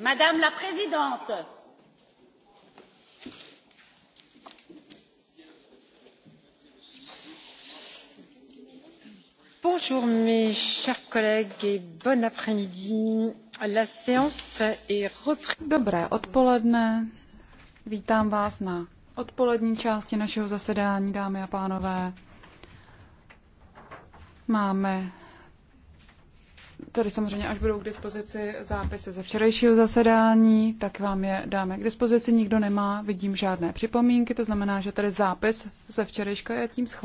Madame la présidente. Bonjour mes chers collègues et bon après-midi. La séance est reprise. Dobré odpoledne. Vítám vás na odpolední části našeho zasedání, dámy a pánové. Máme Tady samozřejmě, až budou k dispozici zápisy ze včerejšího zasedání, tak vám je dáme k dispozici. Nikdo nemá, vidím žádné připomínky, to znamená, že tady zápis ze včerejška je tím schválen.